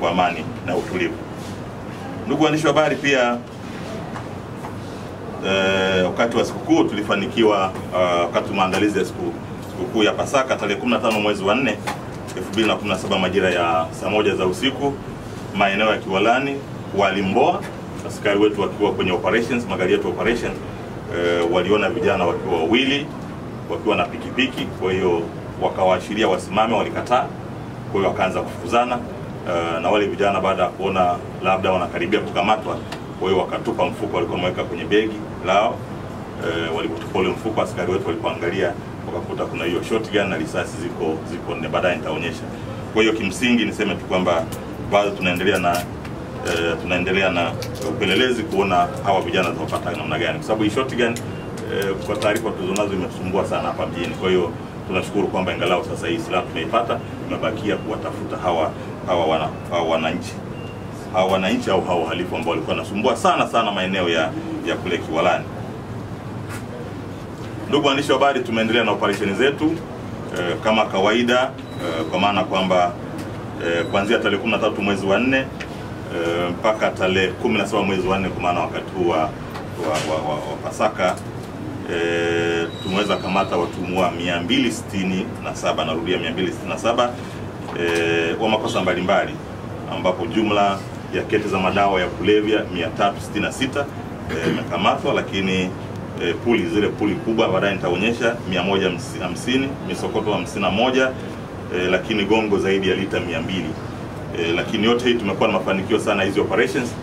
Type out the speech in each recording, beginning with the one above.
kwa amani na utulivu. Ndugu waandishi wa habari, pia e, wakati wa sikukuu tulifanikiwa uh, wakati maandalizi ya sikukuu ya Pasaka tarehe 15 mwezi wa 4 2017 majira ya saa moja za usiku maeneo ya Kiwalani walimboa askari wetu wakiwa kwenye operations, magari yetu operation, e, eh, waliona vijana wakiwa wawili wakiwa na pikipiki, kwa hiyo wakawaashiria wasimame, walikataa. Kwa hiyo wakaanza kufukuzana, Eh, na wale vijana baada ya kuona labda wanakaribia kukamatwa, kwa hiyo wakatupa mfuko walikuwa wameweka kwenye begi lao. E, walipotupa ule mfuko, askari wetu walipoangalia wakakuta kuna hiyo shotgun na risasi ziko ziko nne, baadaye nitaonyesha. Kwa hiyo kimsingi niseme tu kwamba bado tunaendelea na e, tunaendelea na upelelezi kuona hawa vijana tunapata namna gani, kwa sababu hii shotgun e, kwa taarifa tulizonazo imetusumbua sana hapa mjini. Kwa hiyo tunashukuru kwamba angalau sasa hii silaha tumeipata, imebakia kuwatafuta hawa hawa wana, hawa wananchi hawa wananchi au hawa wahalifu ambao walikuwa wanasumbua sana sana maeneo ya, ya kule Kiwalani. Ndugu waandishi wa habari, tumeendelea na operesheni zetu e, kama kawaida e, kwa maana kwamba e, kuanzia tarehe 13 mwezi wa 4 mpaka tarehe 17 mwezi wa 4 kwa maana wakati huu wa, wa, wa, wa Pasaka e, tumeweza kamata watumua 267 narudia 267 e, wa makosa mbalimbali ambapo jumla ya kete za madawa ya kulevya 366 eh, imekamatwa, e, lakini e, puli zile puli kubwa baadaye nitaonyesha 150, misokoto 51, e, lakini gongo zaidi ya lita 200. E, lakini yote hii tumekuwa na mafanikio sana hizi operations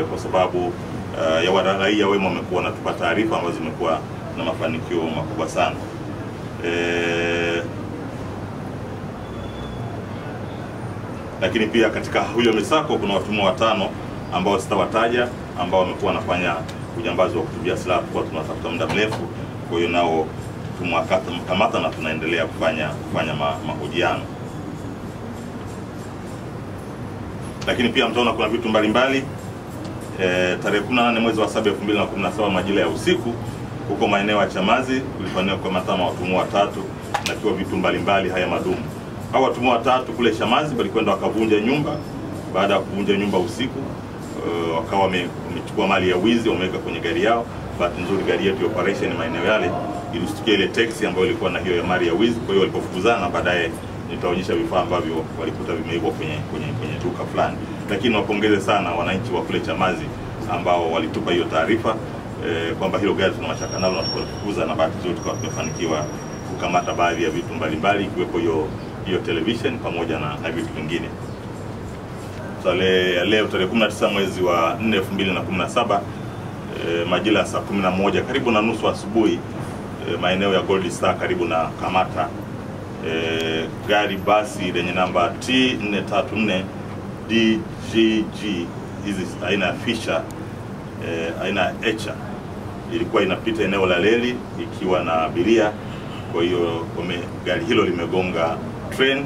e, kwa sababu uh, ya waraia wema wamekuwa wanatupa taarifa ambazo zimekuwa na mafanikio makubwa sana e, lakini pia katika huyo misako kuna watumwa watano ambao sitawataja ambao wamekuwa wanafanya ujambazi wa kutumia silaha kwa tunatafuta muda mrefu, kwa hiyo nao tumwakamata na tunaendelea kufanya kufanya ma, mahojiano. Lakini pia mtaona kuna vitu mbalimbali e, tarehe 18 mwezi wa 7 2017 majira ya usiku huko maeneo ya Chamazi kulifanywa kwa watumwa watatu na kiwa vitu mbalimbali haya madumu hawa watumwa watatu kule Shamazi walikwenda wakavunja nyumba. Baada ya kuvunja nyumba usiku, uh, wakawa wamechukua mali ya wizi, wameweka kwenye gari yao. Bahati nzuri gari yetu ya operation maeneo yale ilisikia ile taxi ambayo ilikuwa na hiyo ya mali ya wizi, kwa hiyo walipofukuzana baadaye nitaonyesha vifaa ambavyo walikuta vimeibwa kwenye, kwenye, kwenye duka fulani. Lakini wapongeze sana wananchi wa kule Chamazi ambao walitupa hiyo taarifa e, kwamba hilo gari tuna mashaka nalo na tukalifukuza, na bahati nzuri tukawa tumefanikiwa kukamata baadhi ya vitu mbalimbali ikiwepo hiyo hiyo television pamoja na, na vitu vingine. Tarehe leo tarehe 19 mwezi wa 4 2017 e, majira ya saa 11 karibu na nusu asubuhi e, maeneo ya Gold Star karibu na Kamata e, gari basi lenye namba T434 DGG hizi aina ya Fisher e, aina ya Echa ilikuwa inapita eneo la reli ikiwa na abiria, kwa hiyo gari hilo limegonga train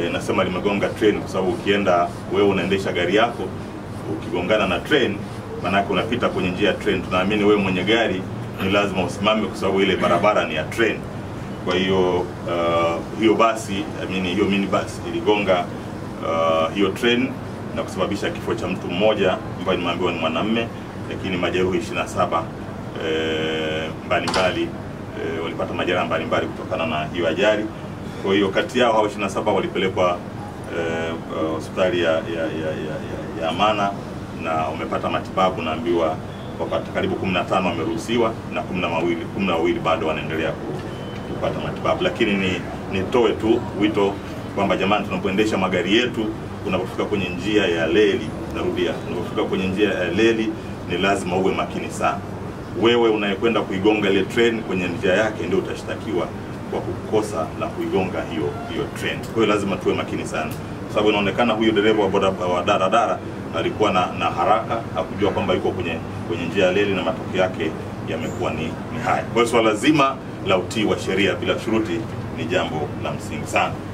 e, nasema limegonga train kwa sababu ukienda wewe unaendesha gari yako ukigongana na train maanake unapita kwenye njia ya train. Tunaamini wewe mwenye gari ni lazima usimame kwa sababu ile barabara ni ya train. Kwa hiyo uh, hiyo basi I mean, hiyo minibus iligonga uh, hiyo train na kusababisha kifo cha mtu mmoja ambaye nimeambiwa ni mwanamume, lakini majeruhi 27 eh, mbalimbali e, e, walipata majeraha mbalimbali kutokana na hiyo ajali. Kwa hiyo kati yao hao 27 walipelekwa eh, eh, hospitali eh, ya, ya, ya, ya, ya Amana na wamepata matibabu, naambiwa wapata karibu 15 wameruhusiwa na kumi na wawili kumi na wawili bado wanaendelea kupata matibabu, lakini ni nitoe tu wito kwamba jamani, tunapoendesha magari yetu, unapofika kwenye njia ya leli, narudia, unapofika kwenye njia ya leli ni lazima uwe makini sana. Wewe unayekwenda kuigonga ile treni kwenye njia yake ndio utashtakiwa kwa kukosa la kuigonga hiyo hiyo trend. Kwa hiyo lazima tuwe makini sana, kwa sababu inaonekana huyo dereva wa boda wa daradara alikuwa na, na haraka hakujua kwamba yuko kwenye kwenye njia ya reli na matokeo yake yamekuwa ni, ni haya. Kwa hiyo swala zima la utii wa sheria bila shuruti ni jambo la msingi sana.